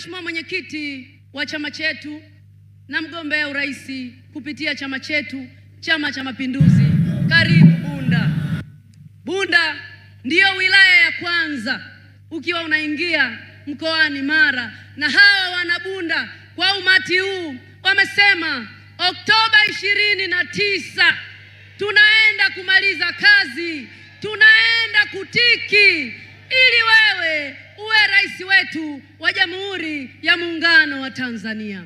Mheshimiwa mwenyekiti wa chama chetu na mgombea urais kupitia chama chetu, Chama cha Mapinduzi, karibu Bunda. Bunda ndiyo wilaya ya kwanza ukiwa unaingia mkoani Mara, na hawa wanabunda kwa umati huu wamesema Oktoba ishirini na tisa tunaenda kumaliza kazi, tunaenda kutiki ili wewe uwe rais wetu wa Jamhuri ya Muungano wa Tanzania.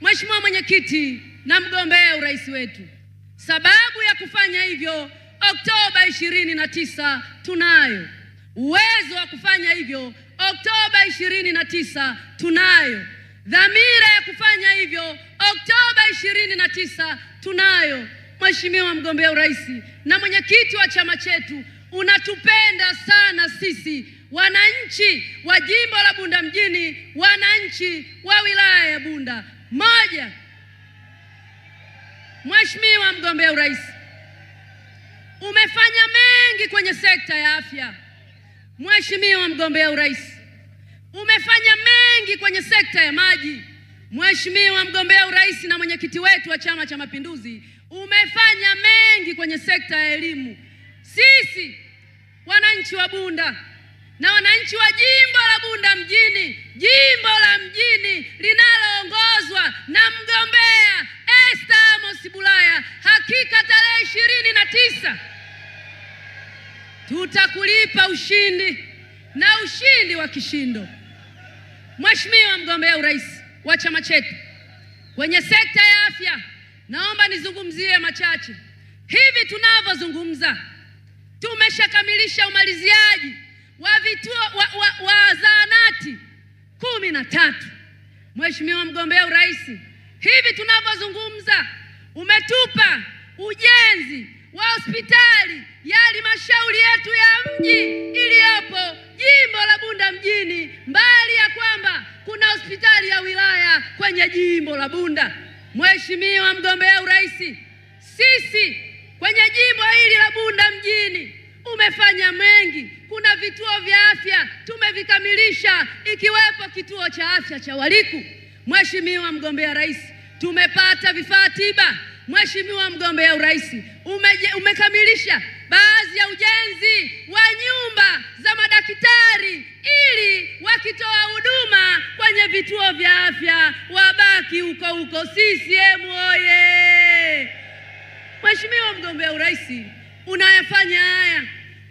Mheshimiwa Mwenyekiti na mgombea urais wetu, sababu ya kufanya hivyo, Oktoba ishirini na tisa tunayo uwezo wa kufanya hivyo. Oktoba ishirini na tisa tunayo dhamira ya kufanya hivyo. Oktoba ishirini na tisa tunayo. Mheshimiwa mgombea urais na mwenyekiti wa chama chetu, unatupenda sana sisi wananchi wa jimbo la Bunda mjini, wananchi wa wilaya ya Bunda. Moja, Mheshimiwa mgombea urais, umefanya mengi kwenye sekta ya afya. Mheshimiwa mgombea urais, umefanya mengi kwenye sekta ya maji. Mheshimiwa mgombea urais na mwenyekiti wetu wa Chama cha Mapinduzi, umefanya mengi kwenye sekta ya elimu. Sisi wananchi wa Bunda na wananchi wa jimbo la Bunda mjini, jimbo la mjini linaloongozwa na mgombea Esther Amos Bulaya, hakika tarehe ishirini na tisa tutakulipa ushindi na ushindi wa kishindo. Mheshimiwa mgombea urais wa chama chetu, kwenye sekta ya afya naomba nizungumzie machache. Hivi tunavyozungumza tumeshakamilisha umaliziaji na tatu. Mheshimiwa mgombea urais, hivi tunavyozungumza umetupa ujenzi wa hospitali ya halmashauri yetu ya mji iliyopo jimbo la Bunda mjini, mbali ya kwamba kuna hospitali ya wilaya kwenye jimbo la Bunda. Mheshimiwa mgombea urais, sisi kwenye jimbo hili la Bunda mjini umefanya mengi. Kuna vituo vya afya tumevikamilisha, ikiwepo kituo cha afya cha Waliku. Mheshimiwa mgombea rais, tumepata vifaa tiba. Mheshimiwa mgombea urais, umeje, umekamilisha baadhi ya ujenzi wa nyumba za madaktari ili wakitoa huduma kwenye vituo vya afya wabaki huko huko. CCM oye! Mheshimiwa mgombea urais, unayafanya haya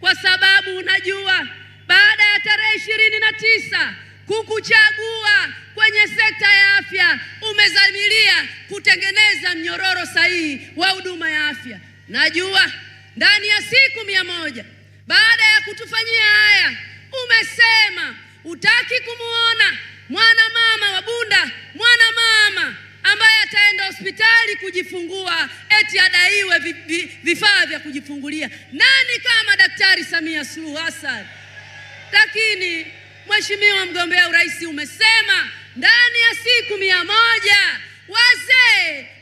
kwa sababu unajua baada ya tarehe ishirini na tisa kukuchagua kwenye sekta ya afya, umezamilia kutengeneza mnyororo sahihi wa huduma ya afya. Najua ndani ya siku mia moja baada ya kutufanyia haya, umesema utaki kumwona mwana mama wa Bunda mwana mama ambaye ataenda hospitali kujifungua eti adaiwe vifaa vya kujifungulia. Nani kama Daktari Samia Suluhu Hassan? Lakini mheshimiwa mgombea urais, umesema ndani ya siku mia moja wazi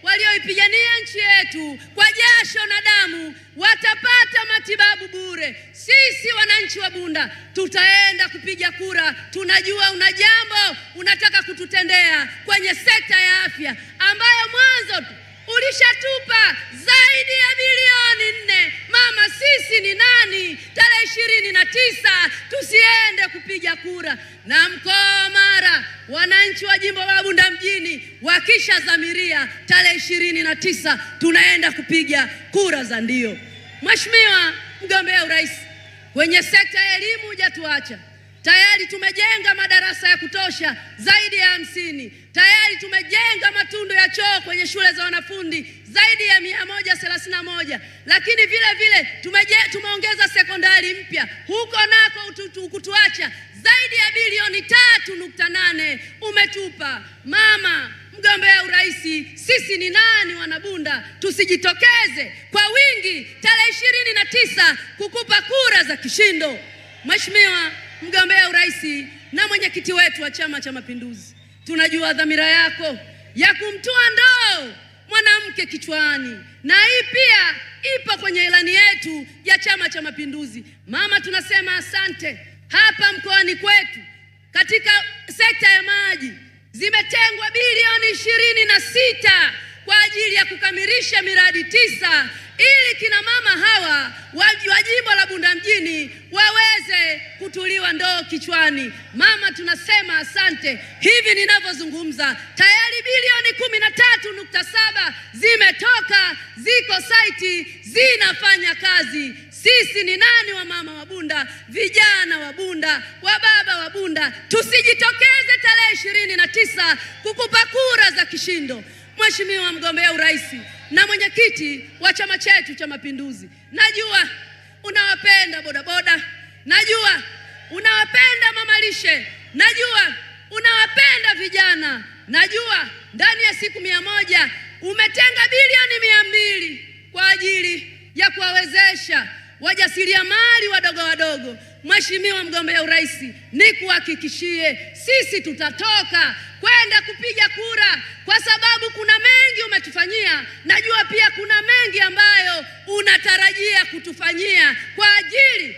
walioipigania nchi yetu kwa jasho na damu watapata matibabu bure. Sisi wananchi wa Bunda tutaenda kupiga kura. Tunajua una jambo unataka kututendea kwenye sekta ya afya ambayo mwanzo ulishatupa zaidi ya bilioni nne. Mama, sisi ni nani? Tarehe ishirini na tisa tusiende kupiga kura na mkoa wa Mara, wananchi wa jimbo la Bunda mjini wakisha zamiria tarehe ishirini na tisa tunaenda kupiga kura za ndio. Mheshimiwa mgombea urais, wenye sekta ya elimu hujatuacha. Tayari tumejenga madarasa ya kutosha zaidi ya hamsini. Tayari tumejenga matundu ya choo kwenye shule za wanafunzi zaidi ya mia moja thelathini na moja, lakini vile vile tumeongeza sekondari mpya huko nako ukutuacha zaidi ya bilioni tatu nukta nane umetupa mama mgombea urais. Sisi ni nani, Wanabunda? Tusijitokeze kwa wingi tarehe ishirini na tisa kukupa kura za kishindo, Mheshimiwa mgombea urais na mwenyekiti wetu wa Chama cha Mapinduzi. Tunajua dhamira yako ya kumtua ndoo mwanamke kichwani, na hii pia ipo kwenye ilani yetu ya Chama cha Mapinduzi. Mama, tunasema asante. Hapa mkoani kwetu katika sekta ya maji Zimetengwa bilioni ishirini na sita kwa ajili ya kukamilisha miradi tisa ili kina mama hawa wa jimbo la Bunda mjini waweze kutuliwa ndoo kichwani. Mama, tunasema asante. Hivi ninavyozungumza tayari bilioni kumi na tatu nukta saba zimetoka, ziko saiti zinafanya kazi. Sisi ni nani? Wa mama wa Bunda, vijana wa Bunda, wa baba wa Bunda, tusijitokeze tarehe ishirini na tisa kukupa kura za kishindo, Mheshimiwa mgombea urais na mwenyekiti wa chama chetu cha Mapinduzi. Najua unawapenda bodaboda, najua unawapenda mamalishe, najua unawapenda vijana, najua ndani ya siku mia moja umetenga bilioni mia mbili kwa ajili ya kuwawezesha wajasiriamali wadogo wadogo, Mheshimiwa mgombea urais, nikuhakikishie sisi tutatoka kwenda kupiga kura, kwa sababu kuna mengi umetufanyia. Najua pia kuna mengi ambayo unatarajia kutufanyia kwa ajili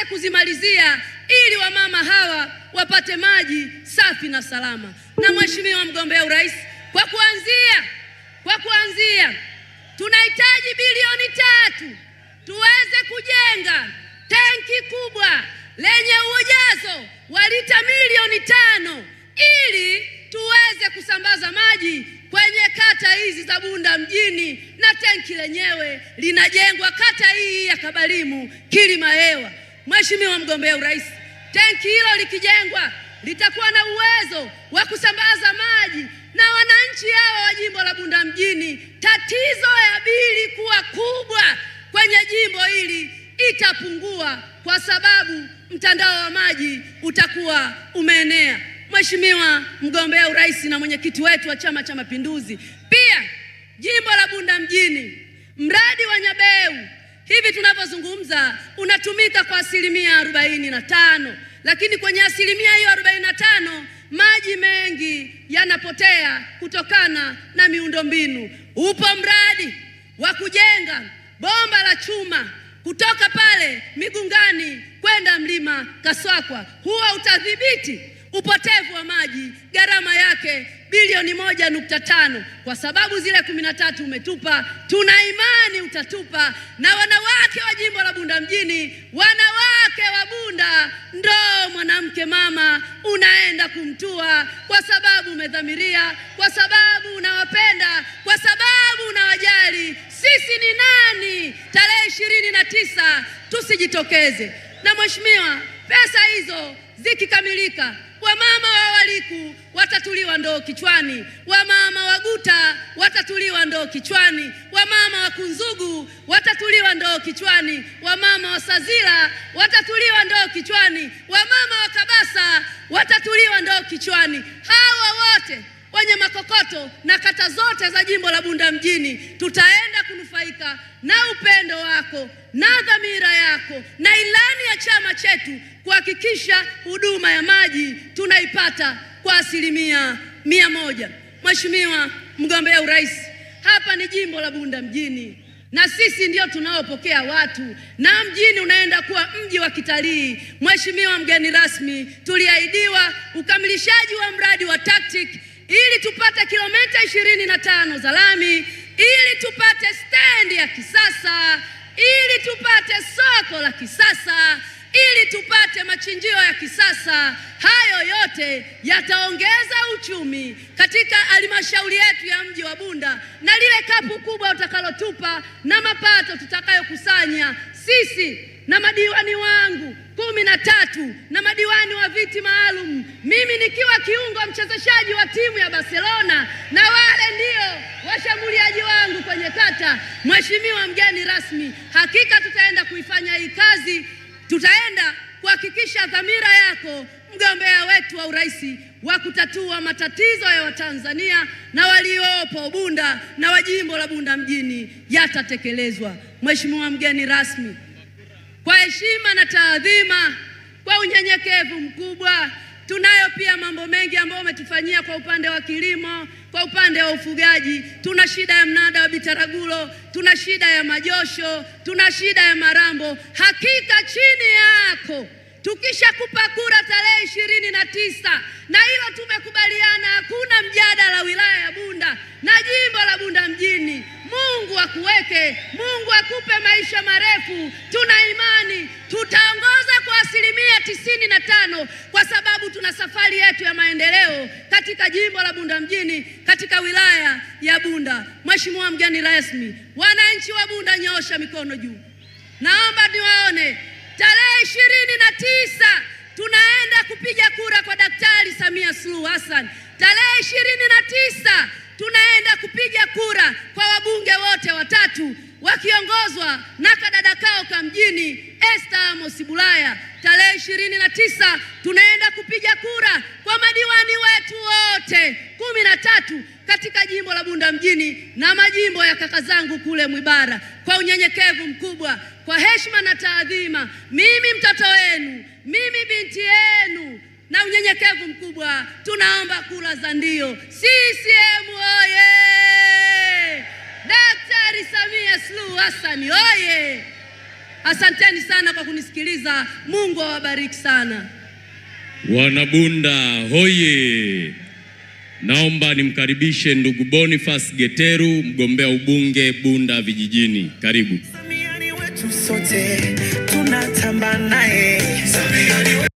tuanze kuzimalizia ili wamama hawa wapate maji safi na salama. Na mheshimiwa mgombea urais, kwa kuanzia kwa kuanzia tunahitaji bilioni tatu tuweze kujenga tenki kubwa lenye ujazo wa lita milioni tano ili tuweze kusambaza maji kwenye kata hizi za Bunda mjini, na tenki lenyewe linajengwa kata hii ya Kabalimu Kilimahewa. Mheshimiwa mgombea urais, tenki hilo likijengwa litakuwa na uwezo wa kusambaza maji na wananchi hawa wa jimbo la Bunda mjini. Tatizo ya bili kuwa kubwa kwenye jimbo hili itapungua kwa sababu mtandao wa maji utakuwa umeenea. Mheshimiwa mgombea urais na mwenyekiti wetu wa Chama cha Mapinduzi, pia jimbo la Bunda mjini, mradi wa Nyabeu Hivi tunavyozungumza unatumika kwa asilimia arobaini na tano, lakini kwenye asilimia hiyo arobaini na tano maji mengi yanapotea kutokana na miundombinu. Upo mradi wa kujenga bomba la chuma kutoka pale Migungani kwenda mlima Kaswakwa, huo utadhibiti Upotevu wa maji gharama yake bilioni moja nukta tano. Kwa sababu zile kumi na tatu umetupa, tuna imani utatupa. Na wanawake wa jimbo la Bunda mjini, wanawake wa Bunda, ndo mwanamke mama unaenda kumtua, kwa sababu umedhamiria, kwa sababu unawapenda, kwa sababu unawajali. Sisi ni nani? Tarehe ishirini na tisa tusijitokeze. Na mheshimiwa, pesa hizo zikikamilika Wamama wa Waliku watatuliwa ndoo kichwani, wamama wa Guta watatuliwa ndoo kichwani, wamama wa Kunzugu watatuliwa ndoo kichwani, wamama wa sazila watatuliwa ndoo kichwani, wamama wa Kabasa watatuliwa ndoo kichwani. Hawa wote kwenye makokoto na kata zote za jimbo la Bunda mjini, tutaenda kunufaika na upendo wako na dhamira yako na ilani ya chama chetu kuhakikisha huduma ya maji tunaipata kwa asilimia mia moja. Mheshimiwa mgombea urais, hapa ni jimbo la Bunda mjini na sisi ndio tunaopokea watu na mjini unaenda kuwa mji wa kitalii. Mheshimiwa mgeni rasmi, tuliahidiwa ukamilishaji wa mradi wa TACTIC ili tupate kilomita ishirini na tano za lami, ili tupate stendi ya kisasa, ili tupate soko la kisasa, ili tupate machinjio ya kisasa. Hayo yote yataongeza uchumi katika halmashauri yetu ya mji wa Bunda, na lile kapu kubwa utakalotupa na mapato tutakayokusanya sisi na madiwani wangu kumi na tatu na madiwani wa viti maalum, mimi nikiwa kiungo mchezeshaji wa timu ya Barcelona, na wale ndio washambuliaji wangu kwenye kata. Mheshimiwa mgeni rasmi, hakika tutaenda kuifanya hii kazi, tutaenda kuhakikisha dhamira yako mgombea wetu wa urais wa kutatua matatizo ya Watanzania na waliopo Bunda na wa jimbo la Bunda mjini yatatekelezwa. Mheshimiwa mgeni rasmi kwa heshima na taadhima, kwa unyenyekevu mkubwa. Tunayo pia mambo mengi ambayo umetufanyia kwa upande wa kilimo, kwa upande wa ufugaji. Tuna shida ya mnada wa Bitaragulo, tuna shida ya majosho, tuna shida ya Marambo. Hakika chini yako tukishakupa kura tarehe ishirini na tisa na hilo tumekubaliana, hakuna mjadala. Wilaya ya Bunda na jimbo la Bunda mjini, Mungu akuweke, Mungu akupe maisha marefu. tano kwa sababu tuna safari yetu ya maendeleo katika jimbo la Bunda mjini katika wilaya ya Bunda. Mheshimiwa mgeni rasmi, wananchi wa Bunda, nyoosha mikono juu, naomba niwaone. Tarehe ishirini na tisa tunaenda kupiga kura kwa Daktari Samia Suluhu Hassan. Tarehe ishirini na tisa tunaenda kupiga kura kwa wabunge wote watatu wakiongozwa na kadada kao kamjini Esther Amos Bulaya tarehe ishirini na tisa tunaenda kupiga kura kwa madiwani wetu wote kumi na tatu katika jimbo la Bunda mjini na majimbo ya kaka zangu kule Mwibara. Kwa unyenyekevu mkubwa, kwa heshima na taadhima, mimi mtoto wenu, mimi binti yenu, na unyenyekevu mkubwa tunaomba kura za ndio. CCM oye! Daktari Samia Suluhu Hassan oye! Asanteni sana kwa kunisikiliza. Mungu awabariki sana. Wanabunda hoye! Naomba nimkaribishe ndugu Boniface Geteru, mgombea ubunge Bunda Vijijini. Karibu. Samiani wetu sote tunatamba naye.